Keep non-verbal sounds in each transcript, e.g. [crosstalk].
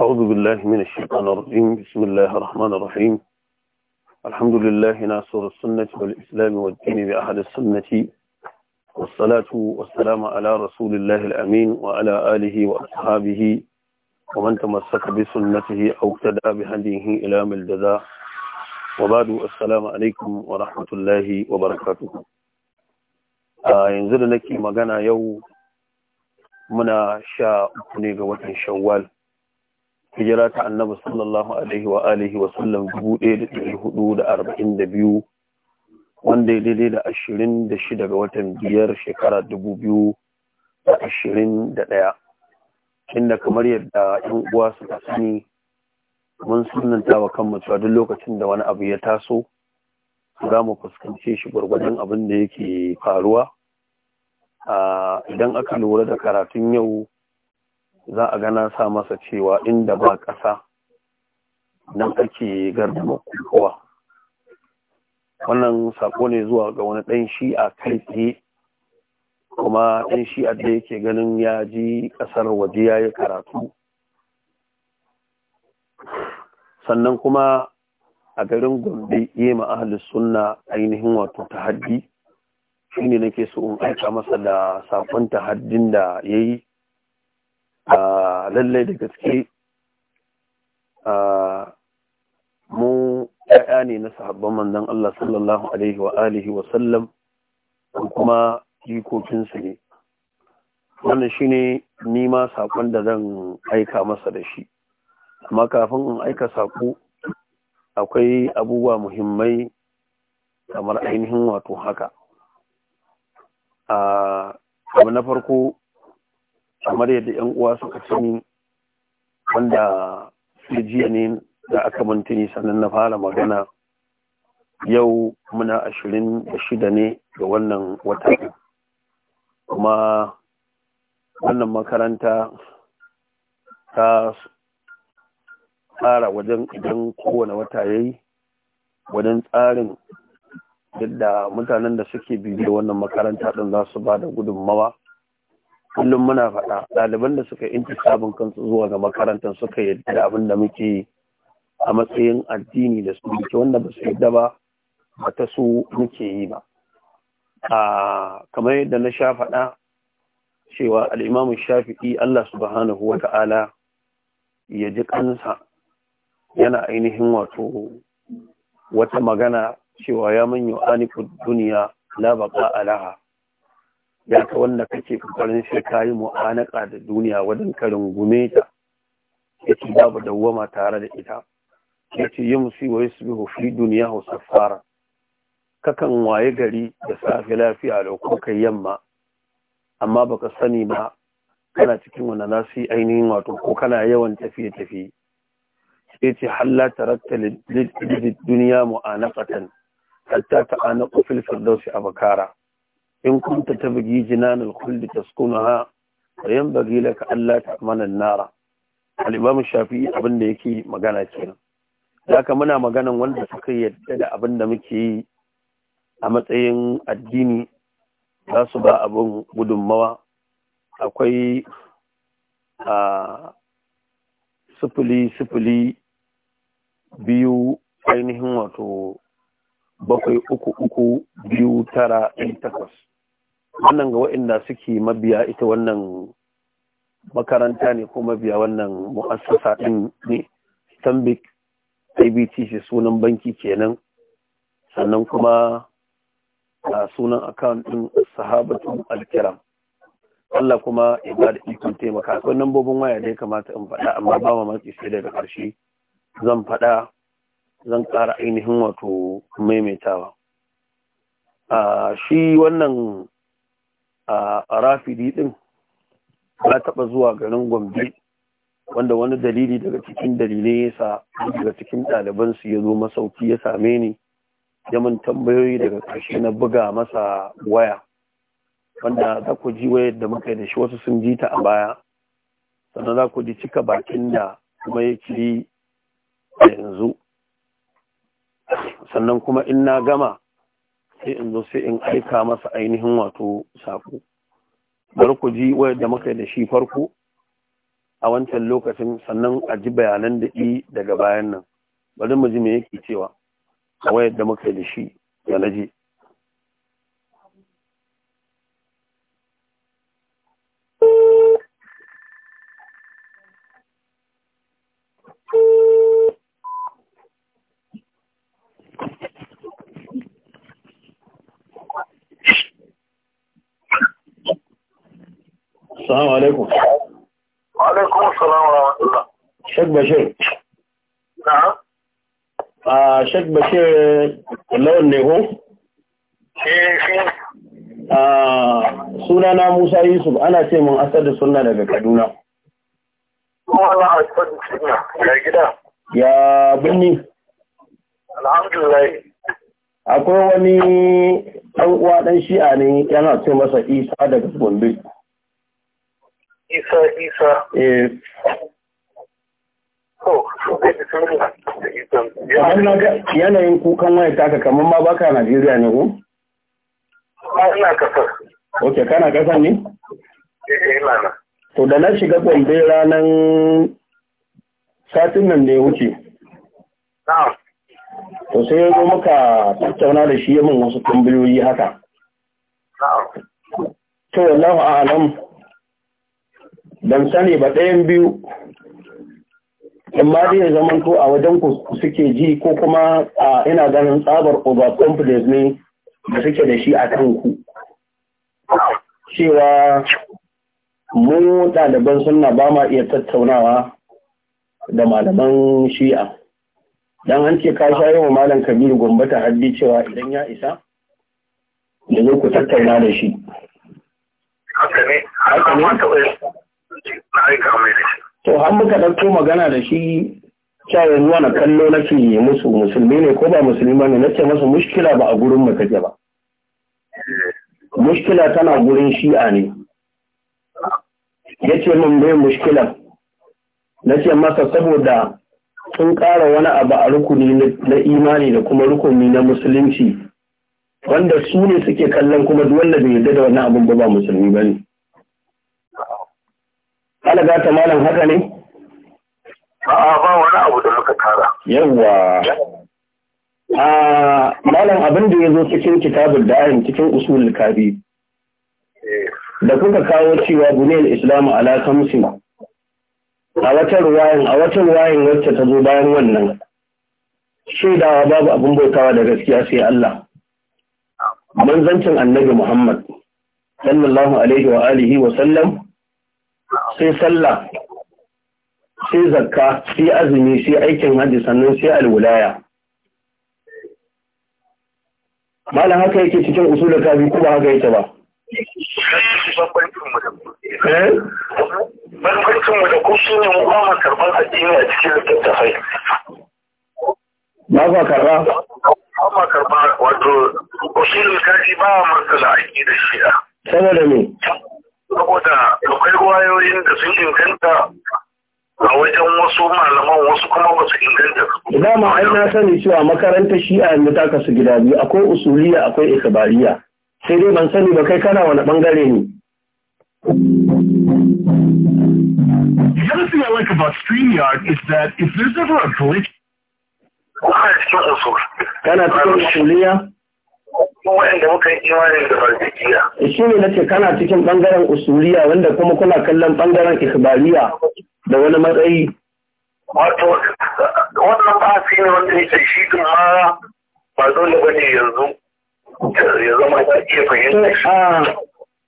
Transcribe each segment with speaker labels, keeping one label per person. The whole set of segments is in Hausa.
Speaker 1: أعوذ بالله من الشيطان الرجيم بسم الله الرحمن الرحيم الحمد لله ناصر السنة والإسلام والدين بأحد السنة والصلاة والسلام على رسول الله الأمين وعلى آله وأصحابه ومن تمسك بسنته أو اقتدى بهديه إلى ملجزا وبعد السلام عليكم ورحمة الله وبركاته آه ينزل لك مغانا يوم منا شاء أكوني قوة شوال hijira ta annabi sallallahu alaihi wa alihi wa sallam biyu, wanda ya daidai da ashirin da shida ga watan biyar shekara dubu biyu da ashirin da ɗaya. inda kamar yadda yan uwa suka sani mun sunanta wa kanmu cewa duk lokacin da wani abu ya taso za mu fuskance shi gwargwadon abin da yake faruwa ah, idan aka lura da karatun yau za a gana sa masa cewa inda ba ƙasa nan ake gardama kowa wannan sako ne zuwa ga wani ɗan shi'a kai tsaye kuma ɗan shi'a da yake ganin ya ji ƙasar waje ya yi karatu sannan kuma a garin gombe yi ma'ahalis sunna ainihin wato tahaddi shi ne nake so in aika masa da sakon tahaddin da ya yi A lallai da gaske mu ‘ya'ya ne na sahabban manzan Allah sallallahu Alaihi wa alihi wa sallam kuma jikokinsu ne. Wannan shi ne nima saƙon da zan aika masa da shi. Amma kafin in aika saƙo akwai abubuwa muhimmai kamar ainihin wato haka. Abu na farko kamar yadda yan uwa suka sani wanda jiya ne da aka mantini sannan na fara magana yau muna ashirin da shida ne ga wannan wata kuma wannan makaranta ta tsara wajen idan kowane wata ya yi wajen tsarin yadda mutanen da suke bibiyar wannan makaranta ɗin za su ba da gudunmawa kullum muna faɗa ɗaliban da suka inci sabon kansu zuwa ga makarantar suka yadda da abin da muke a matsayin addini da su duke wanda ba su yadda ba ba ta su muke yi ba a kamar yadda na sha faɗa cewa al'imamu shafi'i Allah subhanahu wa ta'ala ya ji kansa yana ainihin wato wata magana cewa ya manyo anikud duniya la baqa alaha ya ka wanda kake kokarin shi ka yi mu'anaka da duniya wajen karin gume ta yace babu dawwama tare da ita yace yumsi wa yusbihu fi dunyahu safara kakan waye gari da safe lafiya da kai yamma amma baka sani ba kana cikin wannan nasi ainihin wato ko kana yawan tafiye tafiye yace halla tarakta lid duniya mu'anaqatan hatta ta'anaqu fil firdausi abakara in kunta ta bugi jinanul kulli taskunaha wa yanbaghi laka alla ta'mana an-nara al-imam shafi'i abin da yake magana kenan haka muna maganan wanda suka yadda da abin da muke yi a matsayin addini za su ba abin gudunmawa akwai a sifili sifili biyu ainihin wato bakwai uku uku biyu tara ɗin takwas wannan ga waɗanda suke mabiya ita wannan makaranta ne ko mabiya wannan mu'assasa ɗin ne stanbic ibtc sunan banki kenan sannan kuma a sunan account ɗin sahabatun alkiram Allah kuma ya ba da ikon taimaka akwai nambobin waya da ya kamata in faɗa amma ba matsi sai daga ƙarshe zan faɗa zan ƙara ainihin wato maimaitawa shi wannan a rafidi din ya taɓa zuwa garin gombe wanda wani dalili daga cikin dalilai ya sa daga cikin ɗalibansu ya zo masauki ya same ni ya mun tambayoyi daga ƙarshe na buga masa waya wanda za ku ji wayar da muka yi da shi wasu sun ji ta a baya sannan za ku ji cika bakin da kuma ya ci yanzu sannan kuma in na gama sai in zo sai in aika masa ainihin wato sako bari ku ji wayar da muka da shi farko a wancan lokacin sannan a ji bayanan da i daga bayan nan bari mu ji me yake cewa a wayar da muka da shi ya naje
Speaker 2: Assalamu alaikum.
Speaker 3: Wa alaikum assalam wa rahmatullah. Sheikh Bashir. Na'am.
Speaker 2: Ah Sheikh Bashir lawan ne ko?
Speaker 3: Eh
Speaker 1: Ah suna na Musa Yusuf ana ce mun asar da suna daga Kaduna.
Speaker 2: Wala asar da sunna ya gida.
Speaker 1: Ya birni.
Speaker 3: Alhamdulillah.
Speaker 1: Akwai wani ɗan uwa ɗan shi'a ne yana ce masa Isa daga Gombe.
Speaker 3: isa isa
Speaker 1: eh. yanayin kukan waya taka kamar ma baka Najeriya ne ko? Ina kasar. Ok, kana kasar ne?
Speaker 3: Eh, eh, ina na.
Speaker 1: To da na shiga Gombe ranar satin nan da ya wuce. Na. To sai ya zo muka tattauna da shi ya wasu tambayoyi haka. Na'am. To wallahu a'alam ban sani ba ɗayan biyu amma dai ya zaman to a wajen ku suke ji ko kuma a ina ganin tsabar over confidence ne da suke da shi a kan ku cewa mu ɗaliban suna ba ma iya tattaunawa da malaman shi'a don an ce ka wa malam kabiru ta haddi cewa idan ya isa da ku tattauna da shi to har muka ɗauko magana da shi cewa ruwa na kallo nake musu musulmi ne ko ba musulmi ba ne ce masa mushkila ba a gurin mu kaje ba mushkila tana gurin shi'a ne ya ce min bai mushkila na ce masa saboda sun ƙara wani abu a rukuni na imani da kuma rukuni na musulunci wanda su ne suke kallon kuma duk wanda bai yarda da wani abin ba musulmi ba ne
Speaker 2: za ta malam haka ne A ba wani abu da muka tara Yawwa. a malam abin da ya zo cikin da da'in cikin
Speaker 1: usul kabi eh. da kuka kawo cewa buniyar islamu ala kamsin
Speaker 2: a wata ruwayin a wata ruwayin wacce ta zo bayan wannan shaidawa babu abin bautawa da gaskiya sai Allah manzancin
Speaker 1: annabi Muhammad sallallahu alaihi wa alihi wa sallam sai sallah sai zakka sai azumi sai aikin hajji sannan sai alwulaya
Speaker 2: malam haka yake cikin usulul kafi ko ba haka yake ba eh? da ba cikin ba karba ba karba
Speaker 3: wato kafi ba shi'a
Speaker 2: saboda me hanyoyin da sun inganta
Speaker 1: a wajen wasu malaman wasu kuma ba su inganta dama ai na sani cewa makarantar shi'a yanzu ta kasu gida biyu akwai usuliya akwai isabariya sai dai ban sani ba kai kana wani bangare ne
Speaker 3: The thing I like about StreamYard is that if there's ever a glitch... Kana cikin usuliya? wanda muka yi imanin
Speaker 2: da farzikiya. Shi ne nace kana cikin bangaren usuriya wanda kuma kuna kallon bangaren
Speaker 1: ikibariya da wani matsayi.
Speaker 2: Wato wannan fasi ne
Speaker 3: wanda yake shi ma ba dole ba ne yanzu ya zama ta iya
Speaker 1: fahimta.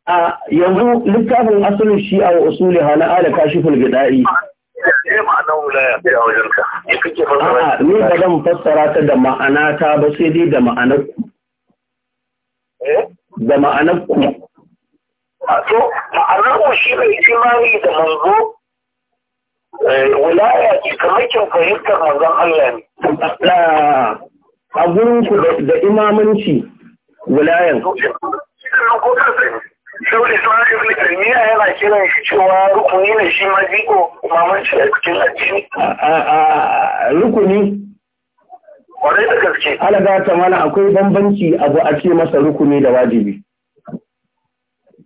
Speaker 1: A yanzu littafin asalin shi a usuli hana ala kashiful gida'i.
Speaker 2: Eh, A'a, ni ba
Speaker 1: zan fassara ta da ma'ana ta ba sai dai da ma'anar Eh? da ma'anar ku
Speaker 3: so ma'anar ku shi ne imani da manzo
Speaker 2: eh, wilaya ce kamar kin fahimtar manzon Allah ne a gurin ku da imamanci wilayan
Speaker 3: saboda sun haka ibn taymiya yana kiran
Speaker 2: shi cewa rukuni ne shi ma jiko imamanci a cikin addini rukuni Kwarai da gaske. Alaga ta mana akwai bambanci abu a ce masa rukuni da wajibi.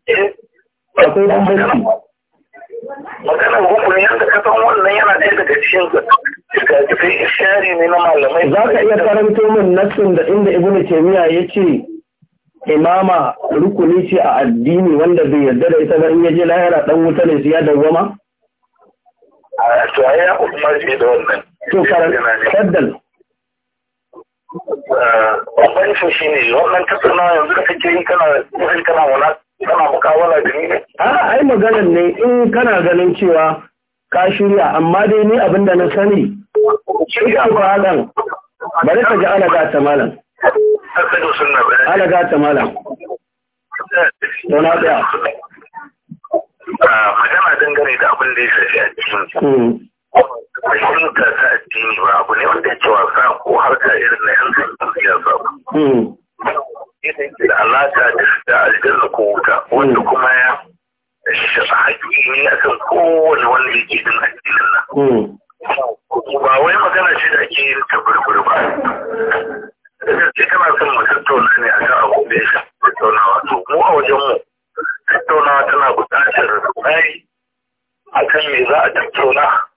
Speaker 2: Eh, akwai bambanci. Maganar rukuni yadda ka san wannan yana ɗaya daga cikin shari ne na malamai.
Speaker 1: Za ka iya karanto min nassin da inda Ibn Taymiyyah ya ce imama rukuni ce a addini wanda bai yarda da ita ba in yaje lahira dan wuta ne siya da goma? To ai ya umarci da wannan. To karan faddal.
Speaker 2: Eh, babban shi ne wannan tattauna yanzu da kake yi kana kusan kana wana kana
Speaker 1: mukawala da ni ne a ai maganar ne in kana ganin cewa ka shirya amma dai ni abin da na sani shirya ba hakan bari ka ji ana ga ta malam
Speaker 2: ana ga ta malam to na tsaya eh, magana dangane da abin da ya shafi a cikin Mashirin gasa addini ba abu ne wanda ya yake wasa ko harka irin na yan siyasa ba. Da hmm. alaƙa da aljanna ko wuta wanda hmm. kuma ya haƙi ne a kan kowane wanda yake jin addinin nan. Hmm. Ba wai magana ce da ake yin ta gurguru ba. Sai kana son mu tattauna ne a kan abu da ya shafi tattaunawa. To mu a wajenmu tattaunawa tana buƙatar tsari a
Speaker 3: kan me za a tattauna.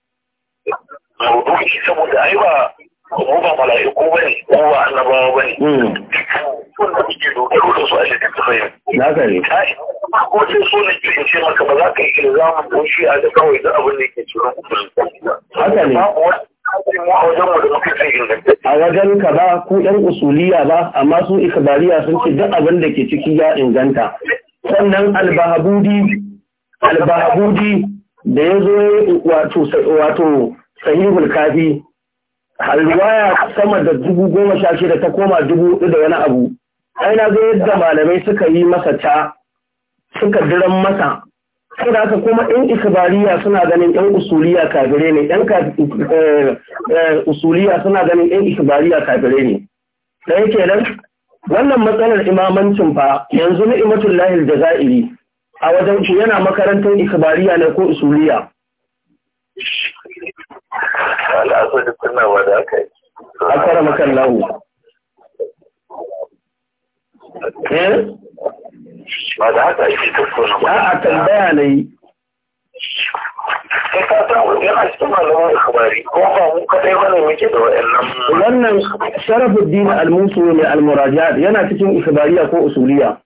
Speaker 3: maudu'i saboda ai ba mu ba mala'iku bane ko ba annabawa bane wanda hmm. kuke dogaro da su a littattafai na gani ko sai so ne ke ce maka ba za ka yi ilzamin
Speaker 1: ko shi a da kawai da abin da yake cikin haka ne a wajen ka ba ku yan usuliya ba amma su ikbariya sun ce duk abin da ke ciki ya
Speaker 2: inganta sannan albahabudi albahabudi da ya zo wato sahihul kafi alwaya
Speaker 1: sama da dubu goma sha shida ta koma dubu hudu da wani abu ai na zo yadda malamai suka yi masa ta suka diran masa saboda haka kuma yan isbariya suna ganin yan usuliya kafire ne yan eh, eh, usuliya suna ganin yan isbariya kafire ne da yake nan wannan matsalar imamancin fa yanzu ni'matullahi lahil jazairi a wajen shi yana makarantar ikibariya ne ko isuliya
Speaker 2: a ba da haka ake a
Speaker 1: wannan sharafuddin al-musu ne al yana cikin ikibariya ko usuliya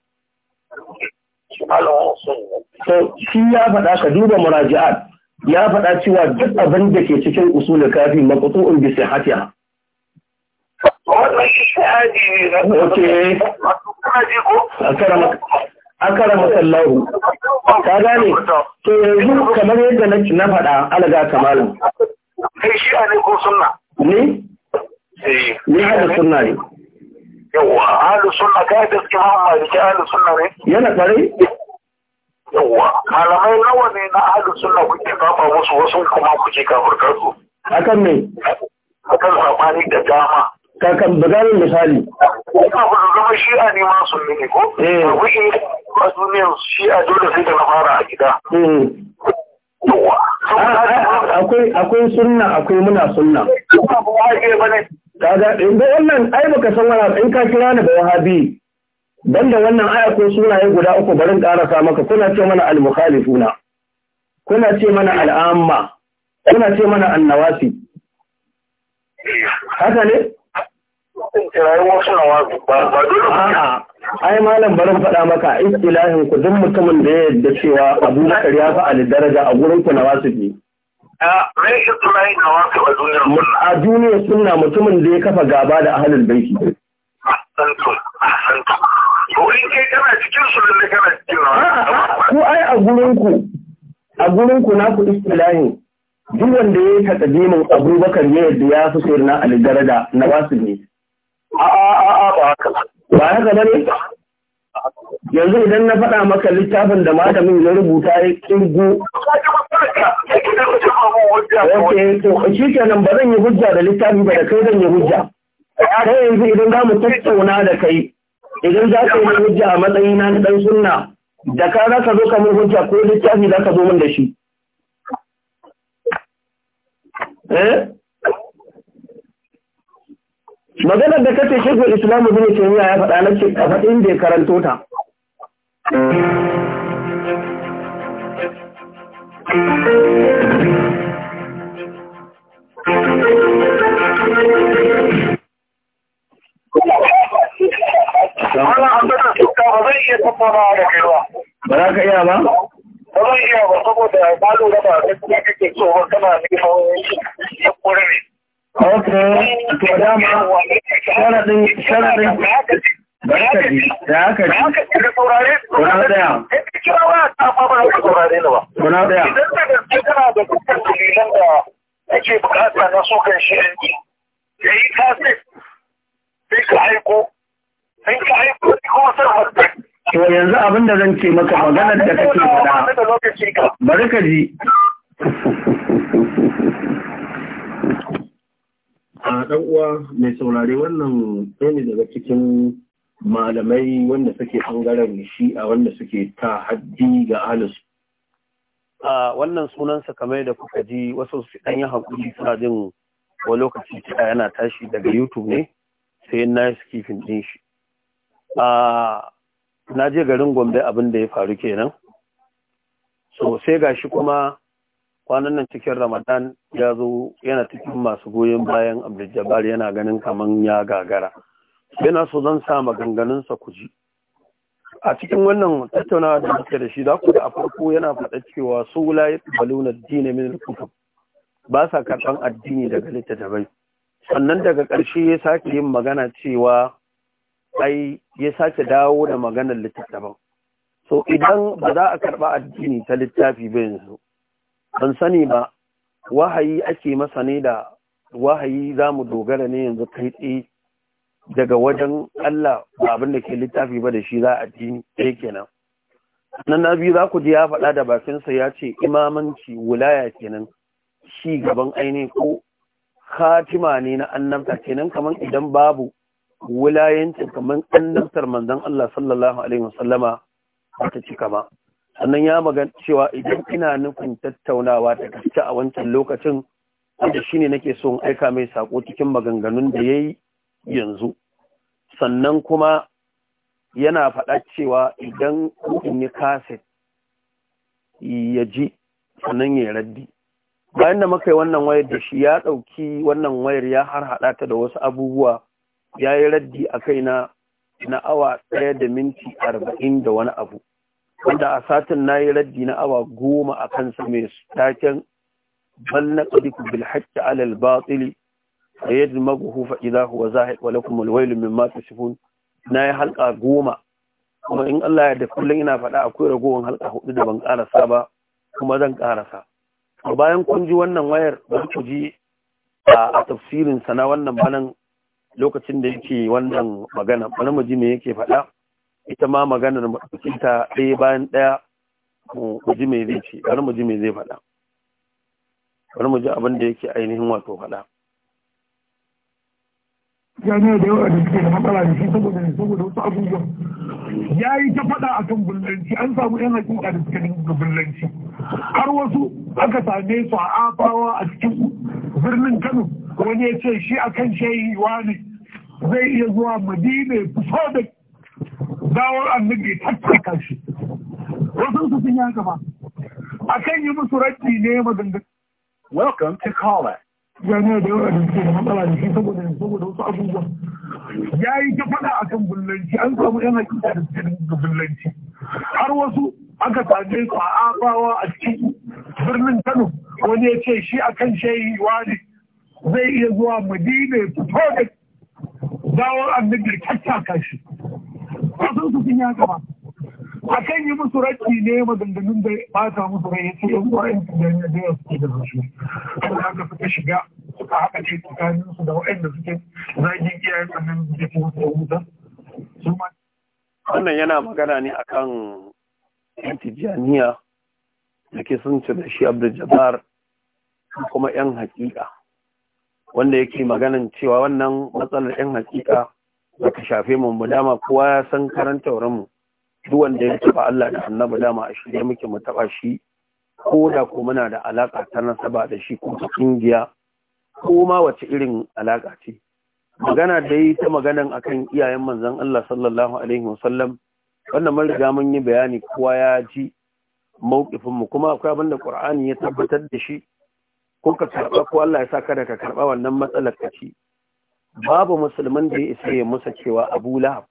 Speaker 1: shi ya faɗa ka duba muraji'at ya faɗa cewa duk abin da ke cikin kafin kafi in bi sihhatiha
Speaker 3: wannan ne ka gane kamar yadda na
Speaker 1: faɗa alaga kamalan
Speaker 3: kai shi ne ko sunna
Speaker 1: hada
Speaker 2: eh.
Speaker 3: yawa ahlus suna kai da suke ma maliki ahlus suna ne yana tare yawa malamai nawa
Speaker 2: ne na ahlus suna kuke kafa musu wasu kuma kuke kafurkar su akan me akan sabani da dama kakan bugarin misali
Speaker 3: ina ba zama shi'a ne ma sunni ne ko eh wuce ba duniyar shi'a dole sai da na fara a gida
Speaker 2: eh. akwai akwai sunna akwai muna sunna
Speaker 1: ba ba ne kaga in ga wannan ai baka san wani in ka kira ni da wahabi banda wannan aya ko sunaye guda uku barin karasa maka kuna ce mana al-mukhalifuna kuna ce mana al'amma kuna ce mana annawasi haka ne ai malam barin faɗa maka istilahin ku duk mutumin da ya yadda cewa abu bakar ya fa'ali daraja a gurin ku na
Speaker 2: wasu a duniyar suna mutumin da ya kafa gaba da ahalin baiki ko
Speaker 1: ai a gurinku a na ku istilahi duk wanda ya yi takadimin abubakar ne yadda ya fi sayar na aligarada na wasu ne
Speaker 3: a a ba haka
Speaker 1: ba haka ba ne yanzu idan na faɗa maka littafin da malamin ya rubuta ya kirgo
Speaker 2: ok to shi kenan ba zan yi hujja da littafi ba da kai zan yi hujja ta yanzu idan za mu tattauna da kai idan za ka yi hujja a matsayi na ɗan sunna da ka za ka zo ka mun hujja ko littafi za ka zo min da shi eh? maganar da kace shi islam ibn taymiya ya faɗa na ce kafa ya karanto ta
Speaker 3: ba za ka iya ba? ba iya ba saboda ba lura ba da kuma kake so ba kana neman yankurin Okay, to dama da Idan da dukkan da ake na ya yi kuma
Speaker 1: yanzu abin da zan ce maka maganar da kake
Speaker 3: faɗa.
Speaker 1: Bari ka ji. [laughs] a ɗan uwa mai saurare wannan ɗaya ne daga cikin malamai wanda suke ɓangaren a wanda suke ta haddi ga alis a wannan sunansa kamar da kuka ji wasu su ɗan yi haƙuri suna jin wani lokaci cika yana tashi daga youtube ne sai na yi skifin ɗin shi a na je garin gombe abin da ya faru kenan so sai gashi kuma kwanan nan cikin ramadan ya zo yana cikin masu goyon bayan abdul yana ganin kaman ya gagara yana so zan sa maganganunsa ku ji a cikin wannan tattaunawa da muke da shi za ku da a farko yana faɗa cewa su la yaqbaluna ad dina min al ba sa karɓan addini daga littattafai sannan daga ƙarshe ya sake yin magana cewa ai ya sake dawo da maganar littattafan so idan ba za a karɓa addini ta littafi ba yanzu ban sani ba wahayi ake masa ne da wahayi za mu dogara ne yanzu kai tsaye daga wajen Allah ba abin da ke littafi ba da shi za a dini ɗaya kenan nan na biyu za ku ji ya faɗa da bakinsa ya ce imamanci wulaya kenan shi gaban aini ko khatima ne na annabta kenan kamar idan babu wulayancin kamar annabtar manzon Allah sallallahu alaihi wasallama ta cika ba sannan ya magan cewa idan ina nufin tattaunawa da gaske a wancan lokacin wanda ne nake son aika mai sako cikin maganganun da ya yi yanzu sannan kuma yana faɗa cewa idan in yi kaset ya ji sannan ya raddi bayan da muka yi wannan wayar da shi ya ɗauki wannan wayar ya har haɗa ta da wasu abubuwa ya yi raddi a kaina na awa ɗaya da minti arba'in da wani abu wanda a satin na yi raddi na awa goma a kansa mai taken balna na ƙadiku bilhatta alal batsili a yadda maguhu fa'iza huwa zahid wa lakum alwailu mimma tasifun na yi halka goma kuma in Allah ya da kullum ina faɗa a akwai ragowar halka hudu da ban ƙarasa ba kuma zan ƙarasa bayan kun ji wannan wayar ba ku ji a tafsirin sana wannan banan lokacin da yake wannan magana bari mu ji me yake faɗa ita ma maganar ta ɗaya bayan ɗaya mu ji me zai ce bari mu ji me zai faɗa bari mu ji abin da yake ainihin wato faɗa
Speaker 3: gane da yawa da suke da matsala da shi saboda ne saboda wasu abubuwan ya yi ta faɗa a kan bullanci an samu yan hakika da suka dinga bullanci har wasu aka same su a afawa a cikin birnin kano wani ya ce shi a kan shehi ne zai iya zuwa madina ya fito da gawar annabi tattaka shi wasu su sun yi ba a kan yi musu raji ne magangan welcome to kala ya ne da yawa da ke da matsala da shi saboda saboda wasu abubuwa ya yi ta faɗa a kan bullanci an samu yana hakika da suke da bullanci har wasu aka same su a abawa a cikin birnin kano wani ya ce shi a kan shehi wani zai iya zuwa madina ya fito da gawar annabi tattaka shi ba su sun yi ba a kan yi musu raki ne maganganun da ba ta musu rai yace yan uwa yan da ne da suke da zuci saboda haka suka shiga suka haka ce tsakanin su da waɗanda suke zagin iyayen sannan da ke musu da wuta su
Speaker 1: ma wannan yana magana ne akan yan tijjaniya da ke sun ci da shi abdul kuma yan hakika wanda yake maganan cewa wannan matsalar yan hakika baka shafe mu mu dama kowa ya san karanta wurin mu duk wanda ya taba Allah da annabi dama a shirye muke mu taba shi ko da ko muna da alaka ta nasaba da shi ko ta kungiya ko ma wace irin alaka ce magana da ta maganan akan iyayen manzon Allah sallallahu alaihi wasallam wannan mun riga mun yi bayani kowa ya ji mawqifin mu kuma akwai abin da Qur'ani ya tabbatar da shi ko ka karba ko Allah ya sa da ka karba wannan matsalar ka ci babu musulmin da ya isa ya musa cewa abu lahab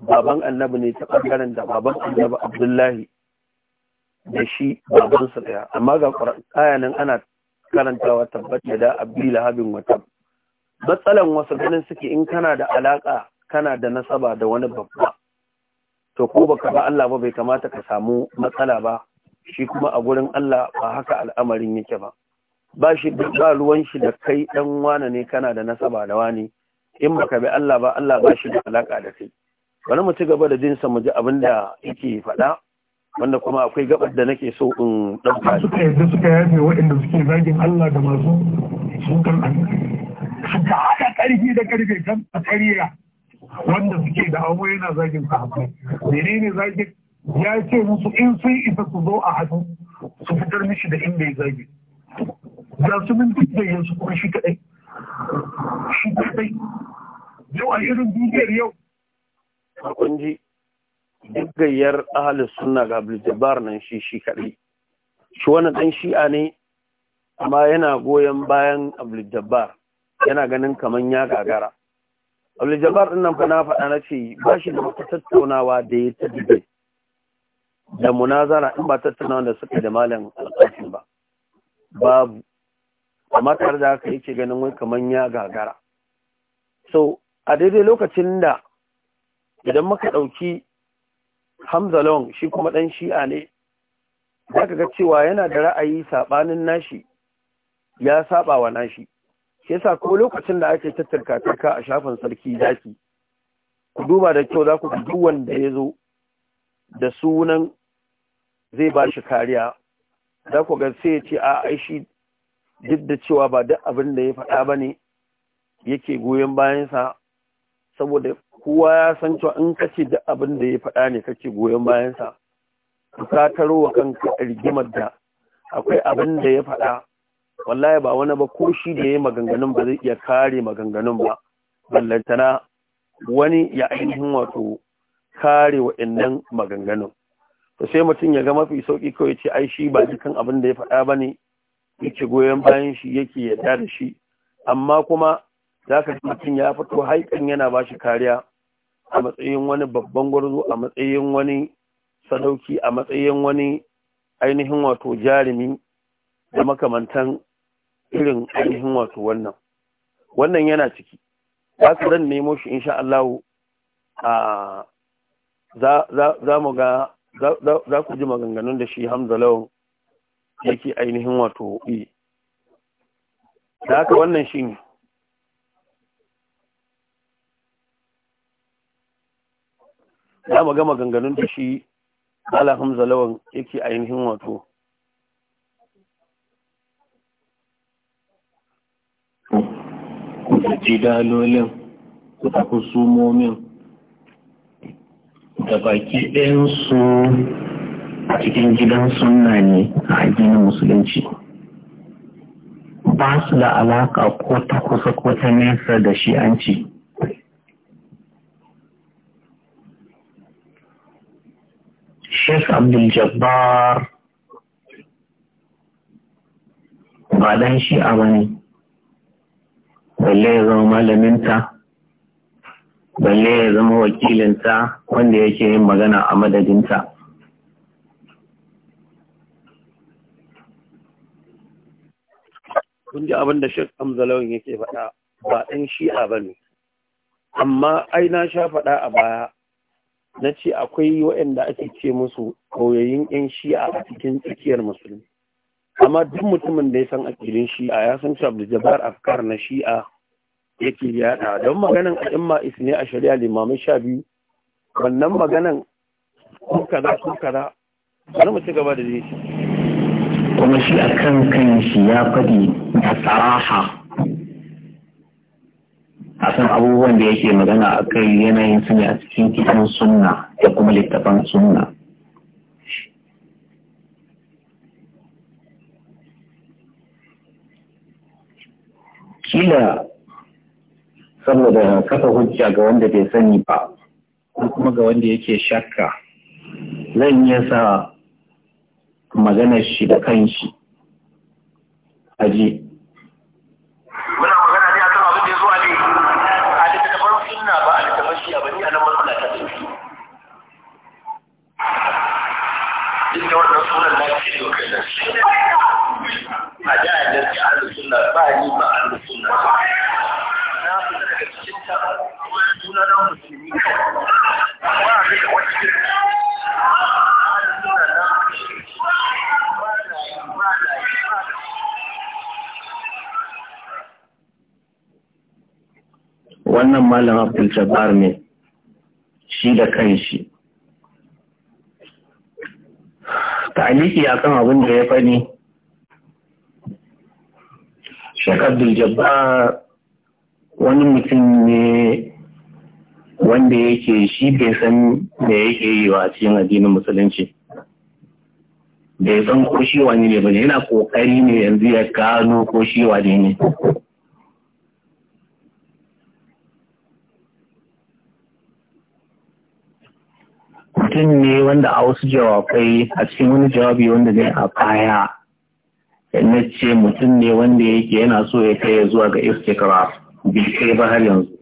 Speaker 1: baban annabi ne ta ɓangaren da baban annabi abdullahi da shi su ɗaya amma ga ayanin ana karantawa tabbat da abu lahabin wata matsalan wasu ganin suke in kana da alaƙa kana da nasaba da wani babba to ko baka ba Allah ba bai kamata ka samu matsala ba shi kuma a gurin Allah ba haka al'amarin yake ba ba shi ba ruwan shi da kai dan wane ne kana da nasaba da wani in baka bi Allah ba Allah ba shi da alaka da kai bari mu ci gaba da jinsa mu ji abin da yake faɗa wanda kuma akwai gabar da nake so in ɗauka suka yadda
Speaker 3: suka yafe waɗanda suke zagin Allah da masu sukan suka haɗa ƙarfi da karfe kan tsariya wanda suke da awo yana zagin sahabbai menene zagin ya ce musu in sun isa su zo a hadu su fitar mishi da inda ya zagi ga su mun tafiye su kuma shi kaɗai. shi
Speaker 1: kadai yau a irin dukiyar yau a kunji duk gayyar ahalin suna ga abdul nan shi shi kadai shi wani dan shi'a ne amma yana goyon bayan abdul yana ganin kaman ya gagara abdul din nan fa na faɗa na ce ba shi da wata tattaunawa da ya ta dubbe da munazara in ba tattaunawa da suka da malam alƙafin ba babu amma tare da haka yake ganin wai kamar ya gagara so a daidai lokacin da idan muka ɗauki hamza shi kuma ɗan shi'a ne za ka ga cewa yana da ra'ayi saɓanin nashi ya saɓa wa nashi shi yasa ko lokacin da ake tattarka taka a shafin sarki zaki ku duba da kyau za ku duk wanda ya zo da sunan zai ba shi kariya za ku ga sai ce a aishi duk da cewa ba duk abin da ya faɗa ba ne yake goyon bayansa saboda kowa ya san cewa in ka ce duk abin da ya faɗa ne kake goyon bayansa ka taro wa kanka rigimar da akwai abin da ya faɗa wallahi ba wani ba ko shi da ya yi maganganun ba zai iya kare maganganun ba ballantana wani ya ainihin wato kare waɗannan maganganun to sai mutum ya ga mafi sauƙi kawai ce ai shi ba dukan abin da ya faɗa ba ne yake goyon bayan shi yake yarda da shi amma kuma za ka mutum ya fito haikan yana ba shi kariya a matsayin wani babban gwarzo a matsayin wani sadauki a matsayin wani ainihin wato jarumi da makamantan irin ainihin wato wannan wannan yana ciki za ka zan nemo shi insha Allah a za mu ga za ku ji maganganun da shi Hamza Lawan yake ainihin wato yi da haka wannan shi ne za mu gama ganganun da shi ala hamza lawan yake ainihin wato
Speaker 2: da jidalolin da kusumomin da baki ɗayansu a cikin gidan sunna ne a addinin musulunci ba su da alaka ko ta kusa ko ta nesa da shi'anci Sheikh Abdul Jabbar ba dan shi'a ba ne balle ya zama malaminta balle ya zama wakilinta wanda yake yin magana a madadinta
Speaker 1: kun ji abin da Sheikh Amzalawan yake faɗa ba ɗan shi'a ba ne. Amma ai na sha faɗa a baya na ce akwai waɗanda ake ce musu koyayin 'yan shi'a a cikin tsakiyar musulmi. Amma duk mutumin da ya san akilin shi'a ya san shi Abdul jabar Afkar na shi'a yake yaɗa don maganan a'imma isne a shari'a limamai sha biyu wannan maganan ko kaza ko kaza bari mu ci gaba da zai kuma shi a
Speaker 2: kan kan shi ya faɗi da tsaraha a san abubuwan da yake magana a kai yanayin su ne a cikin kitan sunna da kuma littafan sunna kila saboda kafa hujja ga wanda bai sani ba ko kuma ga wanda yake shakka zan iya sa maganar shi da kanshi aji muna magana ne akan abin da ya zuwa ne a littattafan suna ba a littattafan shi abin ya nan matsala ta tafi duk da wannan sunan na ce da kai nan a da ya dace an sunna ba ni ba an ba.
Speaker 3: na fi daga cikin ta suna na
Speaker 2: musulmi wannan malam abdul jabbar ne shi da kanshi ta'aliki kan abin da ya fani Sheikh Abdul Jabbar wani mutum ne wanda yake shi bai san me yake yi wa cikin addinin musulunci. Bai san ko shi wani ne yana kokari ne yanzu ya gano ko shi wani ne. mutum ne wanda a wasu jawabai a cikin wani jawabi wanda ne a kaya. na ce mutum ne wanda yake yana so ya kai ya zuwa ga istikrar bai kai ba har yanzu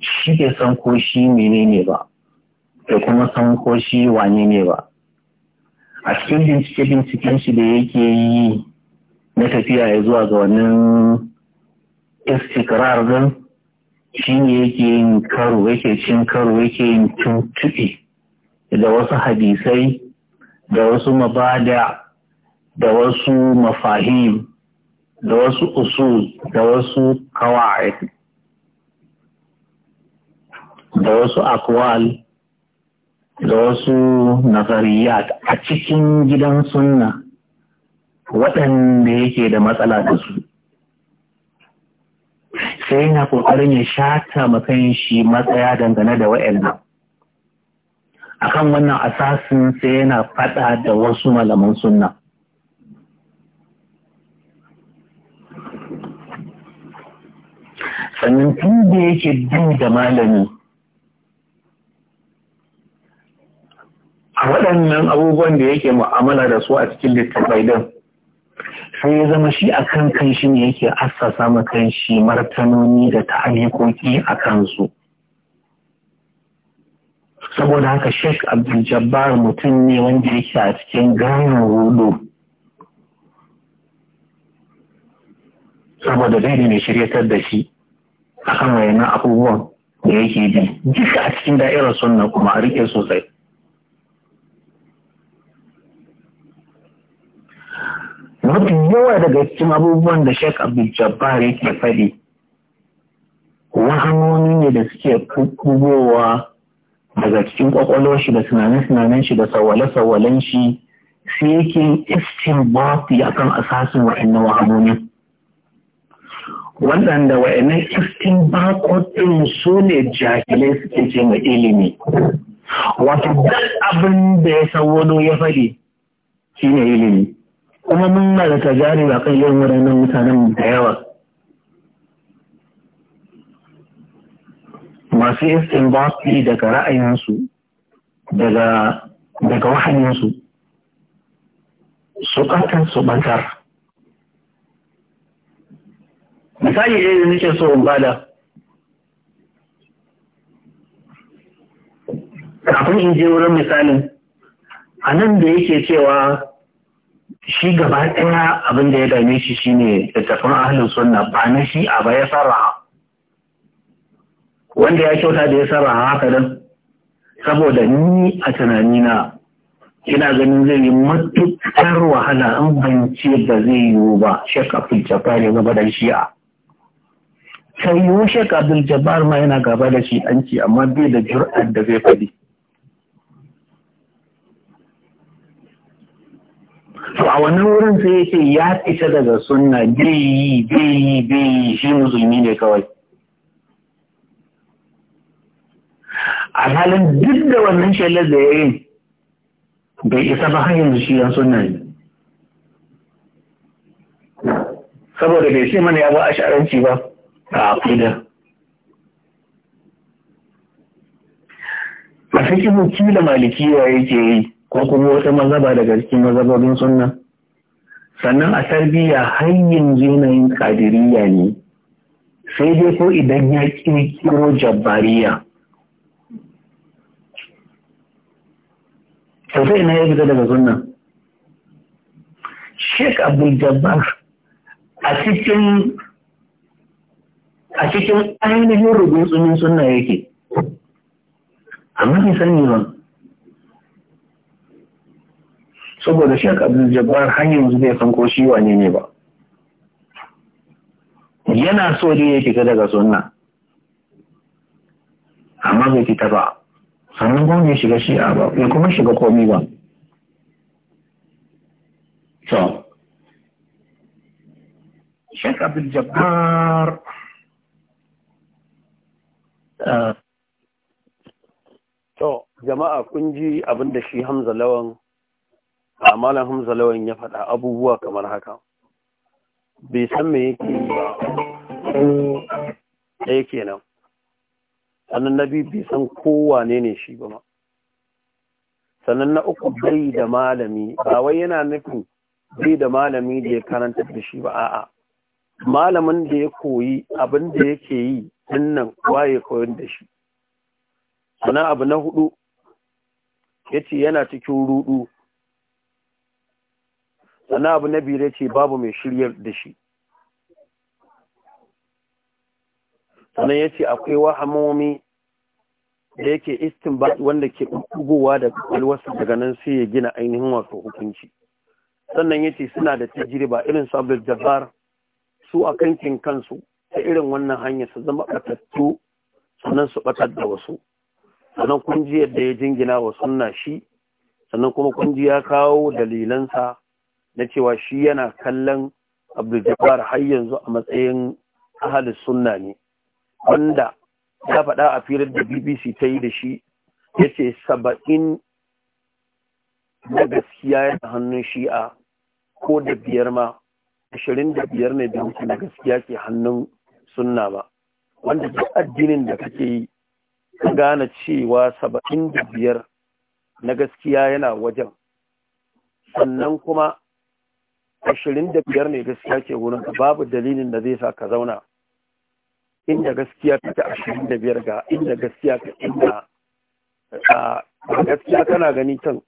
Speaker 2: shi ke san ko shi menene ba da kuma san ko shi wane ne ba a cikin bincike binciken shi da yake yi na tafiya ya zuwa ga wannan istikrar din shi ne yake yin karo yake cin karo yake yin tuntuɓe da wasu hadisai da wasu mabada da wasu mafahim da wasu usul da wasu kawa'id da wasu akwal da wasu nazariyat a cikin gidan sunna waɗanda yake da matsala da su sai yana kokarin ya shata makayin shi matsaya dangane da wa'annan akan wannan asasin sai yana fada da wasu malaman sunna sannan tun da yake bin da malami a waɗannan abubuwan da yake mu'amala da su a cikin littattafai din sai ya zama shi a kan kan shi ne yake assasa ma kan shi martanoni da ta'alikoki a kansu saboda haka sheik abdul jabbar mutum ne wanda yake a cikin gayan rudu saboda zai ne shiryatar da shi a kan wayannan abubuwan da yake bi duka a cikin da'irar sunna kuma a rike sosai yawa daga cikin abubuwan da Sheikh Abdul Jabbar yake faɗi wahanoni ne da suke kubowa daga cikin kwakwalwar shi da sinanen-sinanen shi da sawale-sawalen shi sai yake a akan asasin wa'annan wahanoni waɗanda wa'annan istinbakotin su ne jahilai suke ce mai ilimi wato duk abin da ya sawano ya faɗi shine ilimi kuma mun na da tajari ba kan wurin nan mutanen da yawa masu yi daga ra'ayinsu daga daga wahayinsu su ɓantar su ɓantar misali ɗaya da nake so in bada kafin in je wurin misalin a nan da yake cewa shi gaba ɗaya abin da ya dame shi shine tafin ahalin sunna ba na shi a ba ya sarraha wanda ya kyauta da ya sarraha haka nan saboda ni a tunanina ina ganin zai yi matuƙar wahala in bance ba zai yiwu ba shek abdul jabbar ya gaba da a. sai yiwu shek abdul jabbar ma yana gaba da shi anci amma bai da jur'ar da zai faɗi to a wannan wurin sai ya ya fita daga sunna bai yi bai yi bai yi shi musulmi ne kawai a halin duk da wannan shelar da ya yi bai isa ba har yanzu shi yan sunna ne saboda bai shi mana ya ba a sha'aranci ba a aƙida a cikin kila malikiwa yake yi ko kuma wata mazaba daga cikin mazababin sunna sannan a tarbiyya hanyar yanayin kadiriyya ne sai dai ko idan ya kirkiro jabbariya sai ina ya fita daga sunna Sheikh Abdul Jabbar a cikin a cikin ainihin rubutsunin sunna yake amma bai sani ba saboda shek abdul jabbar har yanzu bai san ko shi wane ne ba yana so dai ya kika daga sunna amma bai fita ba sannan kuma bai shiga shi'a ba bai kuma shiga komi ba so shek abdul jabbar uh,
Speaker 1: to jama'a kun ji abin da shi hamza lawan amalan hamza lawan ya faɗa abubuwa kamar haka bai san me yake yi ba ɗaya kenan sannan na biyu bai san kowane ne shi ba sannan na uku bai da malami ba wai yana nufin bai da malami da ya karanta da shi ba a'a malamin da ya koyi abin da yake yi dinnan waye koyon da shi sannan abu na hudu ya ce yana cikin rudu sannan abu na biyar ce babu mai shiryar da shi sannan ya ce akwai wahamomi da yake ba wanda ke bugowa da kalwarsa daga nan sai ya gina ainihin wasu hukunci sannan ya ce suna da ba irin sabbin jabar su a kankin kansu ta irin wannan hanyar su zama batattu sannan su ɓatar da wasu sannan kunji yadda ya jingina wa sunna shi sannan kuma kunji ya kawo dalilansa na cewa shi yana kallon Abdul har yanzu a matsayin ahalus sunna ne wanda ya faɗa a firar da BBC ta yi da shi ya ce saba'in na gaskiya yana hannun shi'a ko da biyar ma ashirin da biyar ne da wuce na gaskiya ke hannun sunna ba wanda duk addinin da kake yi ka gane cewa saba'in da biyar na gaskiya yana wajen sannan kuma ashirin da biyar ne gaskiya ke wurin ka babu dalilin da zai sa ka zauna inda gaskiya ta ta ashirin da biyar ga inda gaskiya ta inda a gaskiya kana gani can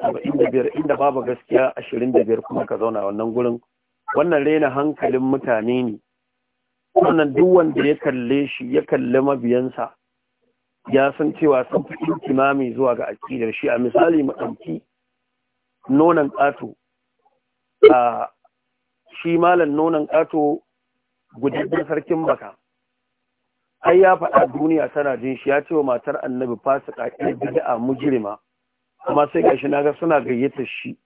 Speaker 1: saba'in da biyar inda babu gaskiya ashirin da biyar kuma ka zauna wannan gurin wannan rena hankalin mutane ne wannan duk wanda ya kalle shi ya kalle mabiyansa ya san cewa sun fi kimami zuwa ga aƙidar shi a misali mu ɗauki nonon ƙato a shi Malam nonon ƙato gudanar sarkin baka ai ya faɗa duniya tana jin shi ya ce wa matar annabi fasika ƙi bid'a mujrima amma sai gashi ga suna gayyatar shi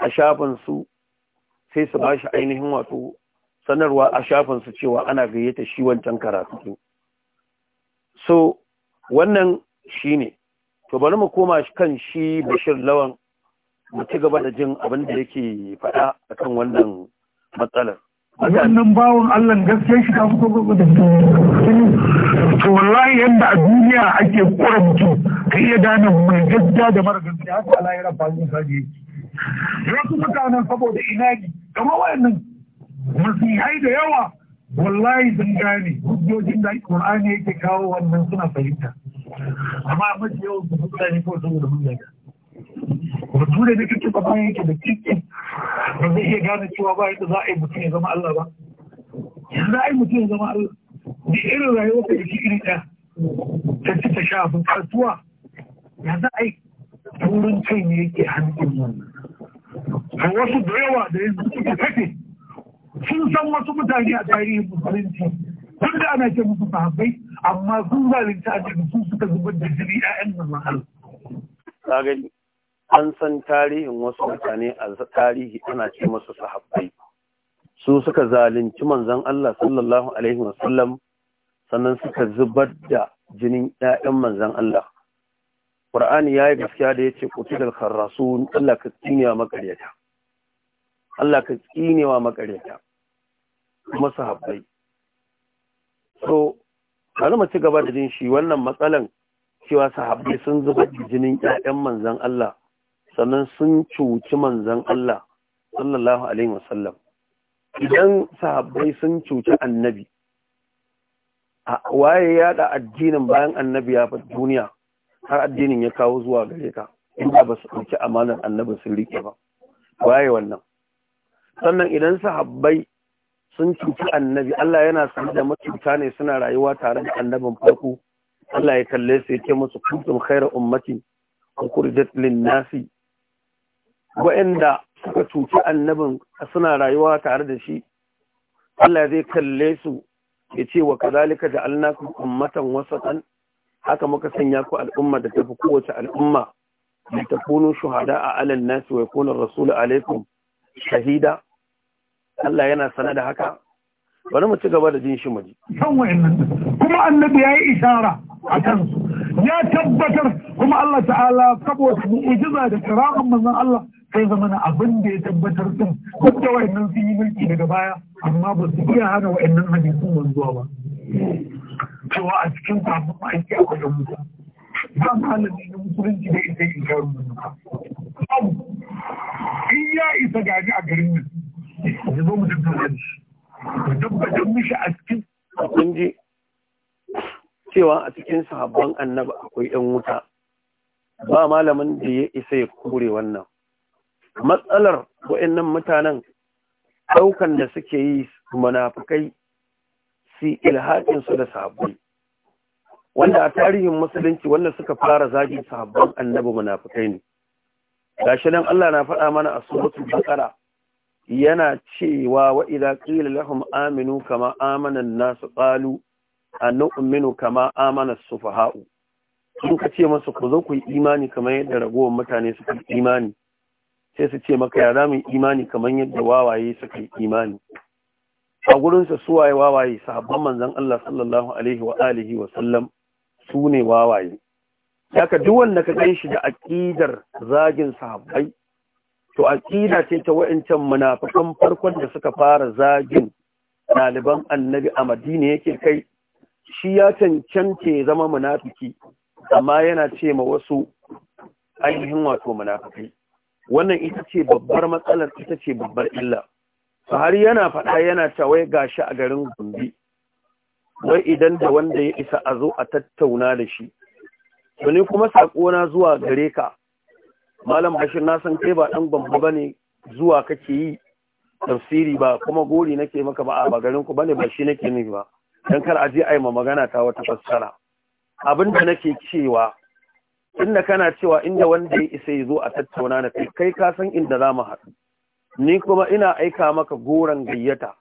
Speaker 1: a shafin su sai su ba shi ainihin wato sanarwa a shafin su cewa ana gayyata shi wancan karatu so wannan shine to bari mu koma kan shi bashir lawan mu ci gaba da jin abin da yake faɗa a kan wannan matsalar wannan
Speaker 3: bawon Allah gaske shi ta fito da to wallahi yadda a duniya ake kura mutum ka iya gane mai gaskiya da mara gaskiya haka Allah ya rafa mu saje wasu mutanen saboda inagi kamar wayannan masihai da yawa wallahi sun gane hujjojin da Qur'ani yake kawo wannan suna fahimta amma mace yau su ne ko saboda mun gaskiya bature da kike ba bayan yake da kike ba zai iya gane cewa ba yadda za a yi mutum ya zama Allah ba ya za a yi mutum ya zama Allah da irin rayuwar ka yake iri ɗaya ta ci ta sha abin kasuwa ya za a yi turin kai ne yake hannun wannan a wasu da yawa da yanzu suke kafe sun san wasu mutane a tarihin musulunci duk da ana ce musu sahabbai amma sun zalunta a cikin
Speaker 1: su suka zubar da jini 'ya'yan nan mahal. an san tarihin wasu mutane a tarihi ana ce masu sahabbai su suka zalunci manzon Allah sallallahu alaihi wasallam sannan suka zubar da jinin ƴaƴan manzon Allah Qur'ani yayi gaskiya da yace qutilal kharrasun Allah ka tsinewa makaryata Allah ka tsinewa makaryata kuma sahabbai so bari mu ci gaba da jin shi wannan matsalan cewa sahabbai sun zubar da jinin ƴaƴan manzon Allah sannan sun cuci manzan Allah sallallahu alaihi wasallam idan sahabbai sun cuci annabi waye yada addinin bayan annabi ya fata duniya har addinin ya kawo zuwa gare ka inda ba su ɗauki amanar annabi sun rike ba waye wannan sannan idan sahabbai sun cuci annabi Allah yana sanar da mutunta ne suna rayuwa tare da annabin farko Allah ya kalle su ya ce musu kuntum khairu ummati ukhrijat lin-nasi waɗanda suka cuci annabin suna rayuwa tare da shi Allah zai kalle su ya ce wa kazalika kummatan ummatan wasatan haka muka sanya ku al'umma da tafi kowace al'umma da kunu shuhada a alal nasi wa yakuna rasulu alaikum shahida Allah yana sana da haka bari mu ci gaba da jin shi muji
Speaker 3: kan kuma annabi yayi isara akan su ya tabbatar kuma Allah ta'ala saboda mu'jiza da kiramin manzon Allah sai zama na abin da ya tabbatar din duk da wa'annan sun yi mulki daga baya amma ba su iya hana wa'annan hadisin wanzuwa ba cewa a cikin sabon aiki a wajen mutu ba ne na musulunci da ita in karu mutu babu in ya isa gani a garin nan ya zo mu da shi
Speaker 1: mu tabbatar mishi a cikin kun ji cewa a cikin sahabban annaba akwai 'yan wuta ba malamin da ya isa ya kure wannan matsalar wa'annan mutanen ɗaukan da suke yi munafukai su ilhaƙinsu da sahabbai wanda a tarihin musulunci wanda suka fara zagin sahabban annabi munafukai ne gashi nan Allah na faɗa mana a suratul bakara yana cewa wa idza qila lahum aminu kama amana an-nas qalu anu'minu kama amana as-sufaha'u in ka ce masa ku zo ku yi imani kamar yadda ragowar mutane suka yi imani sai su ce maka ya zamu imani kamar yadda wawaye suka yi imani a gurinsa su waye wawaye sahabban manzon Allah sallallahu alaihi wa alihi wa sallam su ne wawaye haka duk wanda ka gan shi da aqidar zagin sahabbai to aqida ce ta wa'ancan munafikan farkon da suka fara zagin ɗaliban annabi a madina yake kai shi ya cancance ya zama munafiki amma yana ce ma wasu ainihin wato munafikai wannan ita ce babbar matsalar ita ce babbar illa
Speaker 2: har yana faɗa
Speaker 1: yana wai gashi a garin Gombe.
Speaker 2: wai idan da
Speaker 1: wanda ya isa a zo a tattauna da shi to ni kuma na zuwa gare ka malam bashir na san kai ba ɗan gwamba ba ne zuwa kake yi tafsiri ba kuma gori nake maka ba a garin ku bane ba shi nake ne ba dan kar a je a yi ma magana ta wata fassara abin da nake cewa inda kana cewa inda wanda ya isa ya zo a tattauna na kai kai ka san inda za mu haɗu ni kuma ina aika maka goron gayyata